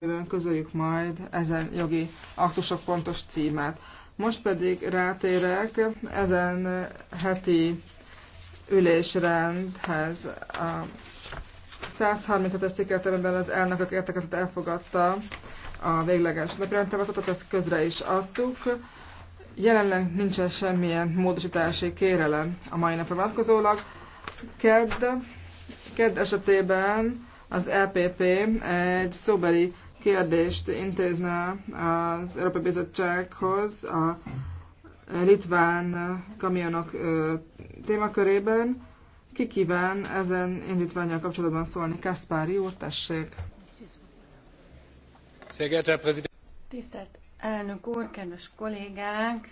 jövőben közöljük majd ezen jogi aktusok pontos címát. Most pedig rátérek ezen heti ülésrendhez. A 137-es cikkeltemben az elnökök értekezett elfogadta a végleges napirendtervezetet, ezt közre is adtuk. Jelenleg nincsen semmilyen módosítási kérelem a mai napra vonatkozólag. Kedd, kedd esetében az EPP egy szóbeli kérdést intézne az Európai Bizottsághoz a litván kamionok témakörében. Ki kíván ezen indítványjal kapcsolatban szólni? Kaspári úr, tessék! Tisztelt elnök úr, kedves kollégák!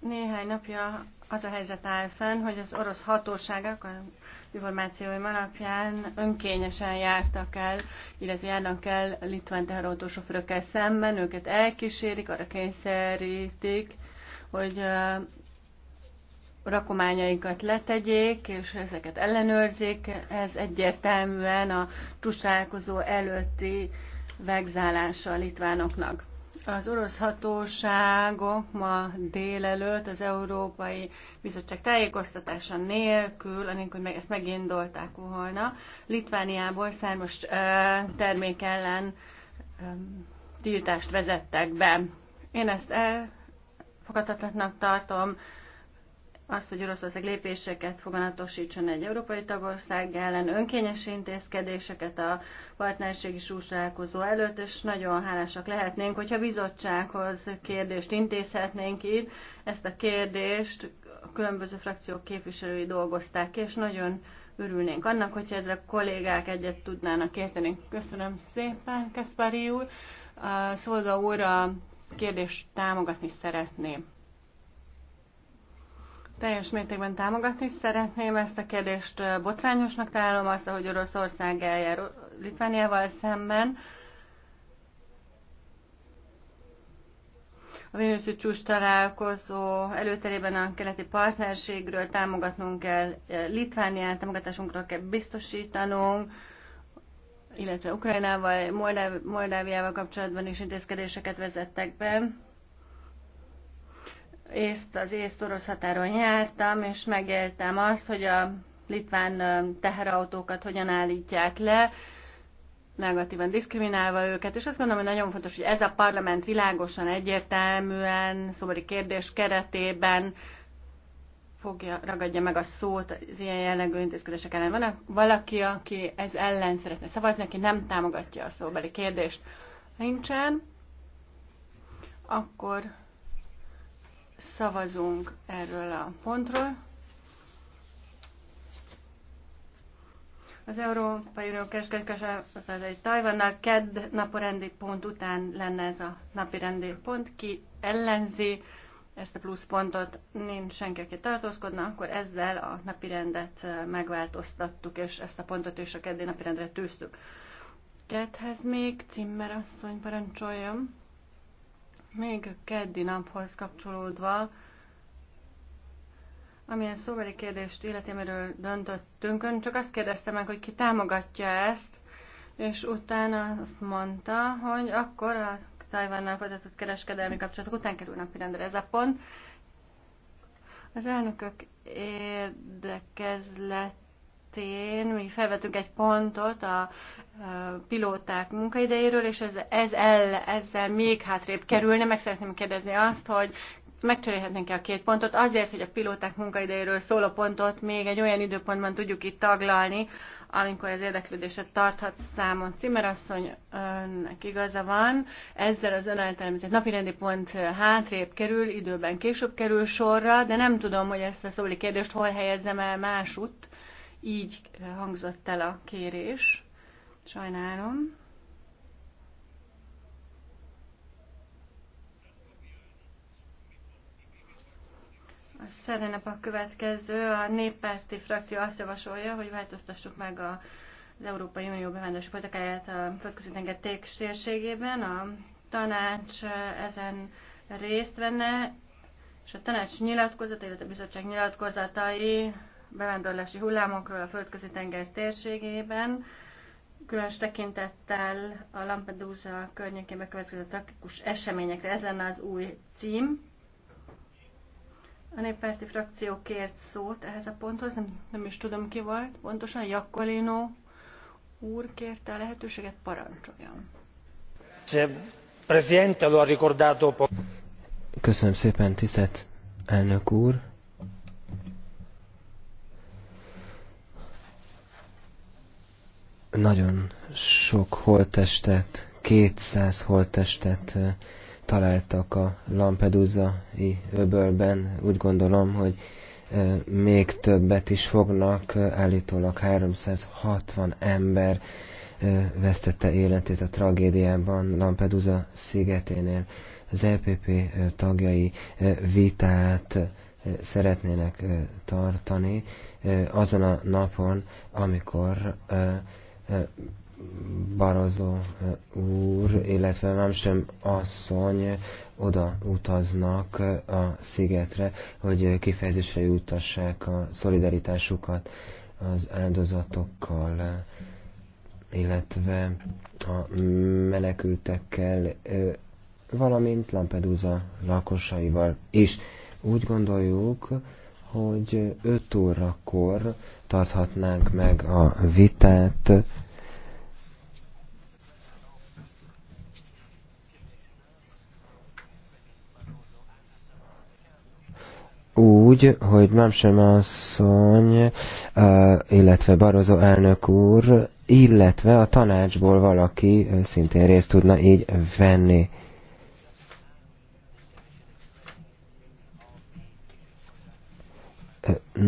Néhány napja az a helyzet áll fenn, hogy az orosz hatóságok a információim alapján önkényesen jártak el, illetve járnak el litván teherautósofőrökkel szemben, őket elkísérik, arra kényszerítik, hogy rakományaikat letegyék, és ezeket ellenőrzik. Ez egyértelműen a csúcsálkozó előtti vegzálása a litvánoknak. Az orosz hatóságok ma délelőtt az Európai Bizottság tájékoztatása nélkül, anélkül meg ezt megindolták volna, Litvániából számos termék ellen tiltást vezettek be. Én ezt elfogadhatatlanak tartom, azt, hogy Oroszország lépéseket foganatosítson egy európai tagország ellen, önkényes intézkedéseket a partnerségi súsrálkozó előtt, és nagyon hálásak lehetnénk, hogyha bizottsághoz kérdést intézhetnénk itt. Ezt a kérdést a különböző frakciók képviselői dolgozták ki, és nagyon örülnénk annak, hogyha ezzel a kollégák egyet tudnának érteni. Köszönöm szépen, Kaspari úr. A Szolga úr a kérdést támogatni szeretném. Teljes mértékben támogatni szeretném ezt a kérdést. Botrányosnak találom azt, ahogy Oroszország eljár Litvániával szemben. A Vilniuszi csúcs találkozó előterében a keleti partnerségről támogatnunk kell Litvániát, támogatásunkra kell biztosítanunk, illetve Ukrajnával, Moldáviával kapcsolatban is intézkedéseket vezettek be észt, az észt-orosz határon jártam, és megéltem azt, hogy a litván teherautókat hogyan állítják le, negatívan diszkriminálva őket, és azt gondolom, hogy nagyon fontos, hogy ez a parlament világosan, egyértelműen, szobori kérdés keretében fogja, ragadja meg a szót az ilyen jellegű intézkedések ellen. Van valaki, aki ez ellen szeretne szavazni, aki nem támogatja a szóbeli kérdést? Nincsen. Akkor Szavazunk erről a pontról. Az Európai Unió egy Tajvannal kedd naporendi pont után lenne ez a napirendi pont. Ki ellenzi ezt a pluszpontot, nincs senki, aki tartózkodna, akkor ezzel a napirendet eh, megváltoztattuk, és ezt a pontot is a keddi napirendre tűztük. Kedhez még Cimmer asszony parancsoljon. Még a keddi naphoz kapcsolódva, amilyen szóbeli kérdést életéméről döntöttünk, ön csak azt kérdezte meg, hogy ki támogatja ezt, és utána azt mondta, hogy akkor a Tajvánnal folytatott kereskedelmi kapcsolatok után kerül napirendre ez a pont. Az elnökök érdekezlet esetén mi felvetünk egy pontot a pilóták munkaidejéről, és ez, ez el, ezzel még hátrébb kerülne. Meg szeretném kérdezni azt, hogy megcserélhetnénk-e a két pontot azért, hogy a pilóták munkaidejéről szóló pontot még egy olyan időpontban tudjuk itt taglalni, amikor az érdeklődéset tarthat számon. Cimerasszony, önnek igaza van, ezzel az ön egy napi rendi pont hátrébb kerül, időben később kerül sorra, de nem tudom, hogy ezt a szóli kérdést hol helyezzem el másutt, így hangzott el a kérés. Sajnálom. A szerenep a következő. A néppárti frakció azt javasolja, hogy változtassuk meg a, az Európai Unió bevándorlási politikáját a földközi tenger térségében. A tanács eh, ezen részt venne, és a tanács nyilatkozata, illetve a bizottság nyilatkozatai bevándorlási hullámokról a földközi tenger térségében, különös tekintettel a Lampedusa környékén bekövetkező tragikus eseményekre. Ez lenne az új cím. A néppárti frakció kért szót ehhez a ponthoz, nem, nem is tudom ki volt pontosan, Jakkolino úr kérte a lehetőséget, parancsoljon. Köszönöm szépen, tisztelt elnök úr! Nagyon sok holttestet, 200 holttestet találtak a Lampedusa-i öbölben. Úgy gondolom, hogy még többet is fognak, állítólag 360 ember vesztette életét a tragédiában Lampedusa szigeténél. Az LPP e tagjai vitát szeretnének tartani azon a napon, amikor Barozó eh, úr, illetve nem sem asszony oda utaznak eh, a szigetre, hogy kifejezésre jutassák a szolidaritásukat az áldozatokkal, eh, illetve a menekültekkel, valamint Lampedusa lakosaival is. Úgy gondoljuk, hogy 5 órakor tarthatnánk meg a vitát. Úgy, hogy Mamsem asszony, illetve Barozó elnök úr, illetve a tanácsból valaki szintén részt tudna így venni.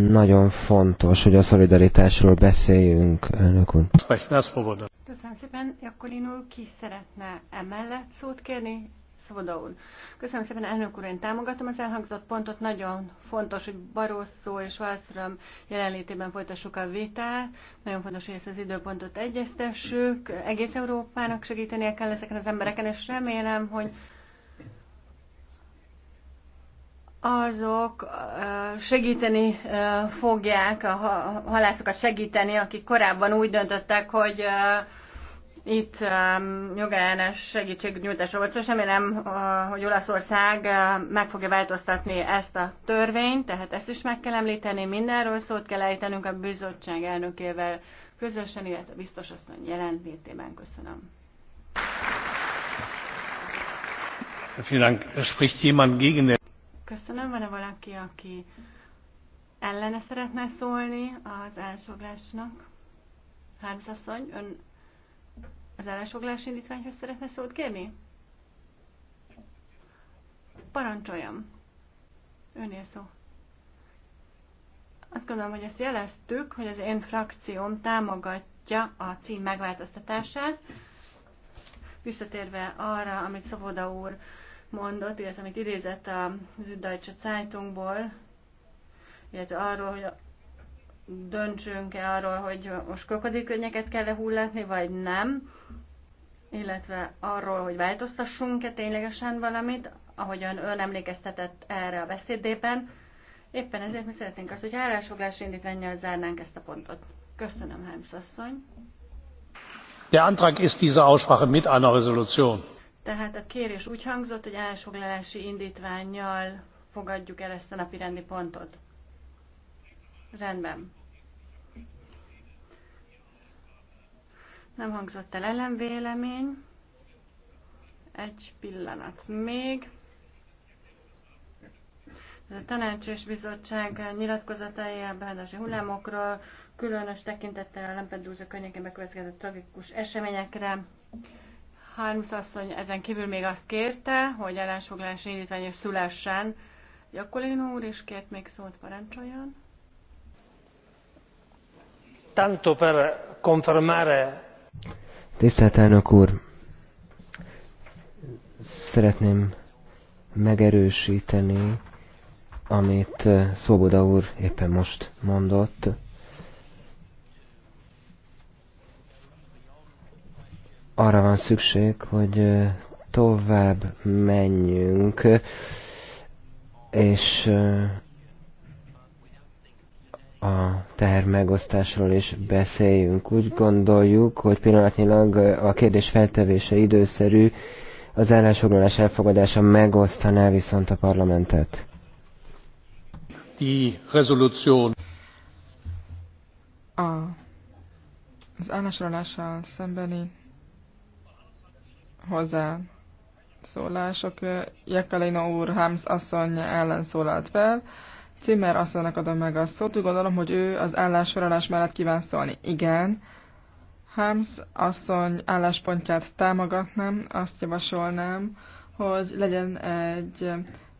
nagyon fontos, hogy a szolidaritásról beszéljünk, elnök úr. Köszönöm szépen. Jakolin úr, ki szeretne emellett szót kérni? Szoboda úr. Köszönöm szépen, elnök úr, én támogatom az elhangzott pontot. Nagyon fontos, hogy Barosszó és Wallström jelenlétében folytassuk a vitát. Nagyon fontos, hogy ezt az időpontot egyeztessük. Egész Európának segítenie kell ezeken az embereken, és remélem, hogy azok segíteni fogják, a halászokat segíteni, akik korábban úgy döntöttek, hogy itt jogellenes segítségnyújtásra volt szó, szóval és remélem, hogy Olaszország meg fogja változtatni ezt a törvényt, tehát ezt is meg kell említeni, mindenről szót kell ejtenünk a bizottság elnökével közösen, illetve biztos asszony jelenlétében. Köszönöm. Vielen Dank. Spricht jemand gegen Köszönöm. Van-e valaki, aki ellene szeretne szólni az elsoglásnak? asszony, ön az elsoglás indítványhoz szeretne szót kérni? Parancsoljam. Önél szó. Azt gondolom, hogy ezt jeleztük, hogy az én frakcióm támogatja a cím megváltoztatását. Visszatérve arra, amit szavoda úr mondott, illetve amit idézett a Süddeutsche Zeitungból, illetve arról, hogy döntsünk-e arról, hogy most krokodilkönnyeket kell-e hullatni, vagy nem, illetve arról, hogy változtassunk-e ténylegesen valamit, ahogyan ön emlékeztetett erre a beszédében. Éppen ezért mi szeretnénk azt, hogy állásfoglás indítványjal zárnánk ezt a pontot. Köszönöm, Helms asszony. Der Antrag ist diese Aussprache mit einer Resolution. Tehát a kérés úgy hangzott, hogy állásfoglalási indítványjal fogadjuk el ezt a napi rendi pontot. Rendben. Nem hangzott el ellenvélemény. Egy pillanat még. A tanács és bizottság nyilatkozatai a beházási hullámokról, különös tekintettel a Lampedusa környékén bekövetkezett tragikus eseményekre. Harms asszony ezen kívül még azt kérte, hogy ellensoglási indítvány is szülessen. Jakolino úr is kért még szót, parancsoljon. Tanto per confermare. Tisztelt elnök úr, szeretném megerősíteni, amit Szoboda úr éppen most mondott. arra van szükség, hogy tovább menjünk, és a teher megosztásról is beszéljünk. Úgy gondoljuk, hogy pillanatnyilag a kérdés feltevése időszerű, az állásfoglalás elfogadása megosztaná viszont a parlamentet. A, az állásfoglalással szembeni hozzá szólások. Jekalina úr Hams asszony ellen szólalt fel. Cimmer asszonynak adom meg a szót. Úgy gondolom, hogy ő az állásfoglalás mellett kíván szólni. Igen. Harms asszony álláspontját támogatnám, azt javasolnám, hogy legyen egy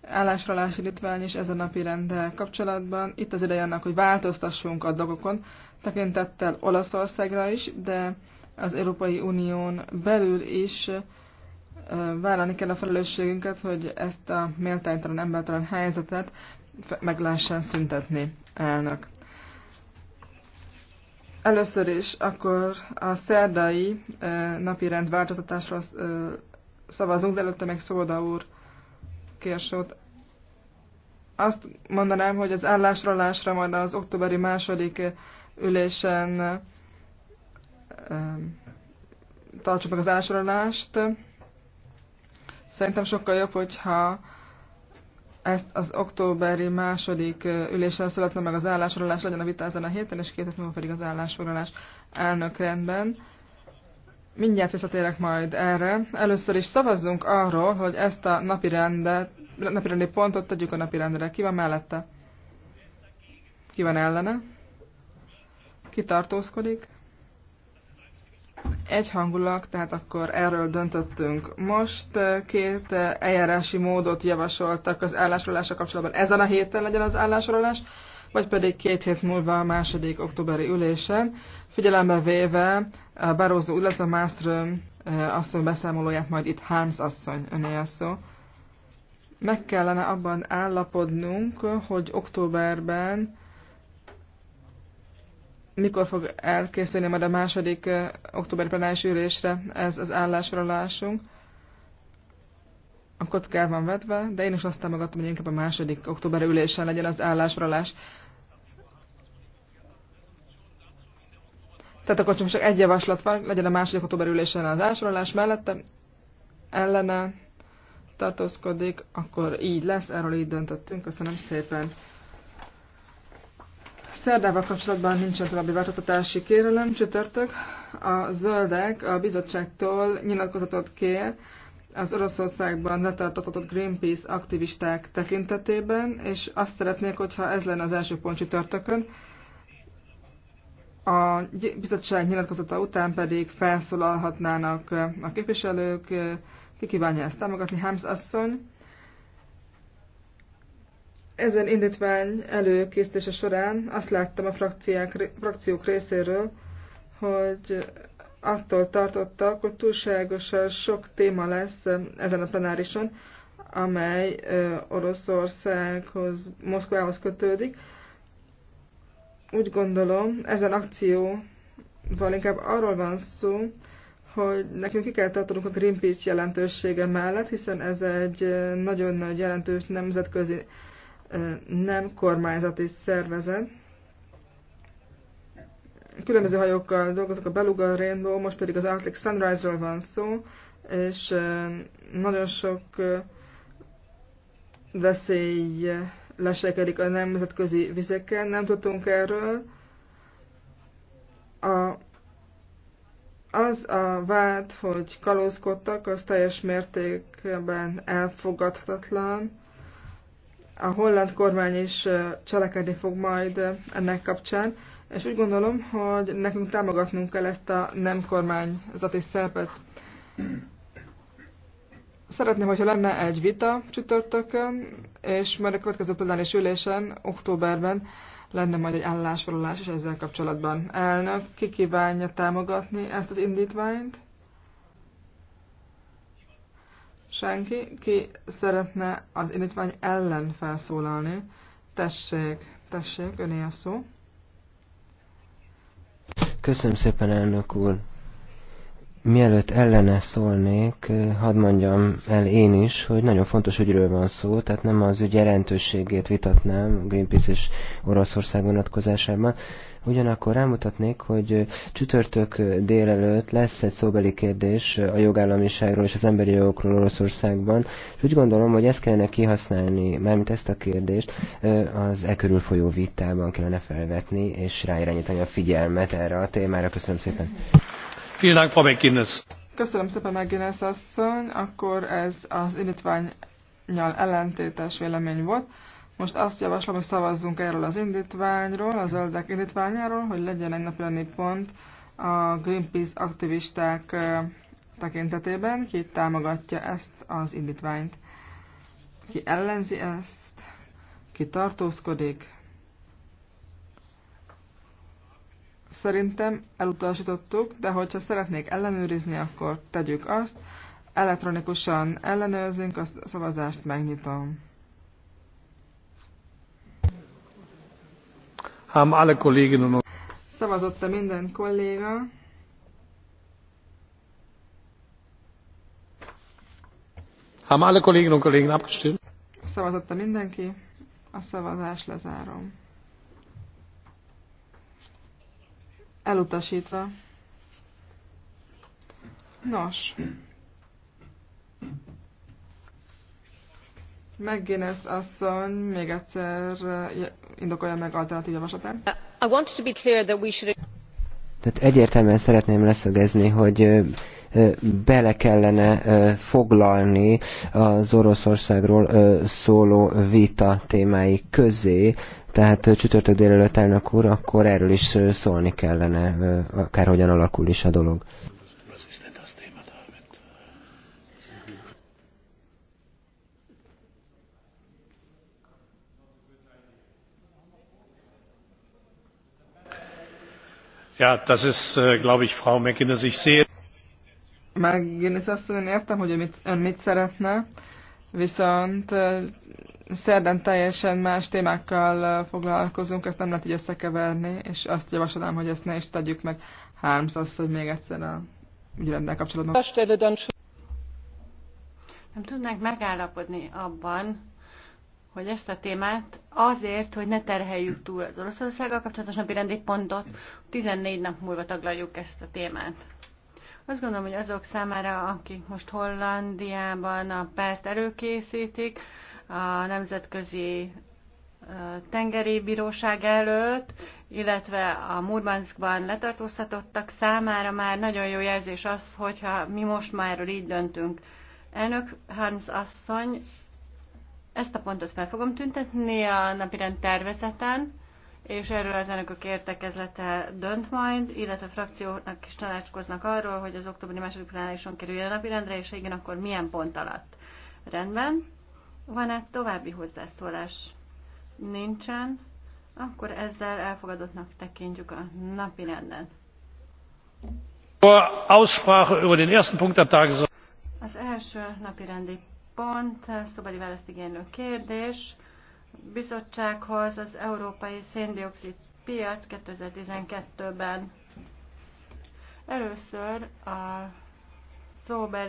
állásralás litvány is ezen napi rendel kapcsolatban. Itt az ideje annak, hogy változtassunk a dolgokon, tekintettel Olaszországra is, de az Európai Unión belül is vállalni kell a felelősségünket, hogy ezt a méltánytalan, embertelen helyzetet meg lehessen szüntetni elnök. Először is akkor a szerdai napi rend változtatásról szavazunk, de előtte még Szóda úr kérsőt. Azt mondanám, hogy az állásrólásra majd az októberi második ülésen tartsa meg az állásolást. Szerintem sokkal jobb, hogyha ezt az októberi második üléssel születne meg az állásorolás, legyen a vita ezen a héten, és két múlva pedig az állásorolás elnökrendben. Mindjárt visszatérek majd erre. Először is szavazzunk arról, hogy ezt a napi, rendet, napi rendi pontot tegyük a napi rendre. Ki van mellette? Ki van ellene? Ki tartózkodik? egyhangulak, tehát akkor erről döntöttünk. Most eh, két eh, eljárási módot javasoltak az állásolása kapcsolatban. Ezen a héten legyen az állásolás, vagy pedig két hét múlva a második októberi ülésen, figyelembe véve a eh, Barózó, illetve Mástrom asszony beszámolóját, majd itt Harms asszony a szó. Meg kellene abban állapodnunk, hogy októberben mikor fog elkészülni majd a második október plenáris ülésre ez az állásfoglalásunk. A kocká van vetve, de én is azt támogatom, hogy inkább a második október ülésen legyen az állásfoglalás. Tehát akkor csak egy javaslat van, legyen a második október ülésen az állásfoglalás mellette, ellene tartózkodik, akkor így lesz, erről így döntöttünk. Köszönöm szépen. Szerdával kapcsolatban nincsen további változtatási kérelem. Csütörtök a zöldek a bizottságtól nyilatkozatot kér az Oroszországban letartóztatott Greenpeace aktivisták tekintetében, és azt szeretnék, hogyha ez lenne az első pont csütörtökön. A bizottság nyilatkozata után pedig felszólalhatnának a képviselők, ki kívánja ezt támogatni, Hámsz asszony. Ezen indítvány előkészítése során azt láttam a frakciák, frakciók részéről, hogy attól tartottak, hogy túlságosan sok téma lesz ezen a plenárison, amely Oroszországhoz, Moszkvához kötődik. Úgy gondolom, ezen akcióval inkább arról van szó, hogy nekünk ki kell tartanunk a Greenpeace jelentősége mellett, hiszen ez egy nagyon nagy jelentős nemzetközi nem kormányzati szervezet. Különböző hajókkal dolgozok a Beluga Rainbow, most pedig az Arctic Sunrise-ról van szó, és nagyon sok veszély leselkedik a nemzetközi vizeken, nem tudtunk erről. A, az a vád, hogy kalózkodtak, az teljes mértékben elfogadhatatlan a holland kormány is cselekedni fog majd ennek kapcsán, és úgy gondolom, hogy nekünk támogatnunk kell ezt a nem kormányzati szerepet. Szeretném, hogyha lenne egy vita csütörtökön, és majd a következő plenáris ülésen, októberben lenne majd egy állásfoglalás is ezzel kapcsolatban. Elnök, ki kívánja támogatni ezt az indítványt? Senki, ki szeretne az indítvány ellen felszólalni, tessék, tessék, öné a szó. Köszönöm szépen, elnök úr. Mielőtt ellene szólnék, eh, hadd mondjam el én is, hogy nagyon fontos ügyről van szó, tehát nem az ügy jelentőségét vitatnám Greenpeace és Oroszország vonatkozásában. Ugyanakkor rámutatnék, hogy eh, csütörtök eh, délelőtt lesz egy szóbeli kérdés a jogállamiságról és az emberi jogokról Oroszországban, és úgy gondolom, hogy ezt kellene kihasználni, mármint ezt a kérdést az e körül folyó vitában kellene felvetni, és ráirányítani a figyelmet erre a témára. Köszönöm szépen! Köszönöm szépen, McGuinness asszony. Akkor ez az indítványjal ellentétes vélemény volt. Most azt javaslom, hogy szavazzunk erről az indítványról, az zöldek indítványáról, hogy legyen egy napi pont a Greenpeace aktivisták tekintetében. Ki támogatja ezt az indítványt? Ki ellenzi ezt? Ki tartózkodik? Szerintem elutasítottuk, de hogyha szeretnék ellenőrizni, akkor tegyük azt. Elektronikusan ellenőrzünk, a szavazást megnyitom. Haben alle Kolleginnen Szavazott-e minden kolléga? Haben alle Kolleginnen und abgestimmt? Szavazott-e mindenki? A szavazás lezárom. elutasítva. Nos. McGuinness asszony még egyszer indokolja meg alternatív javaslatát. I want to be clear that we should... Tehát egyértelműen szeretném leszögezni, hogy bele kellene foglalni az Oroszországról szóló vita témái közé, tehát csütörtök délelőtt elnök úr, akkor erről is szólni kellene, akárhogyan alakul is a dolog. Ja, das ist, äh, glaube ich, Frau McInnes. Ich sehe. Megint azt én értem, hogy mit, ön mit szeretne, viszont szerdán teljesen más témákkal foglalkozunk, ezt nem lehet így összekeverni, és azt javasolnám, hogy ezt ne is tegyük meg. Harms azt, hogy még egyszer a ügyrendel kapcsolatban. Nem tudnánk megállapodni abban, hogy ezt a témát azért, hogy ne terheljük túl az Oroszországgal kapcsolatos napi rendi pontot, 14 nap múlva taglaljuk ezt a témát. Azt gondolom, hogy azok számára, akik most Hollandiában a párt előkészítik, a Nemzetközi Tengeri Bíróság előtt, illetve a Murmanskban letartóztatottak számára már nagyon jó jelzés az, hogyha mi most már így döntünk. Elnök Harms asszony, ezt a pontot fel fogom tüntetni a napirend tervezeten és erről az elnökök értekezlete dönt majd, illetve frakcióknak is tanácskoznak arról, hogy az októberi második plenárison kerüljön a napirendre, és igen, akkor milyen pont alatt. Rendben. Van-e további hozzászólás? Nincsen. Akkor ezzel elfogadottnak tekintjük a napi renden. Az első napi rendi pont, választ igénylő kérdés bizottsághoz az Európai Széndiokszid piac 2012-ben. Először a szóbeli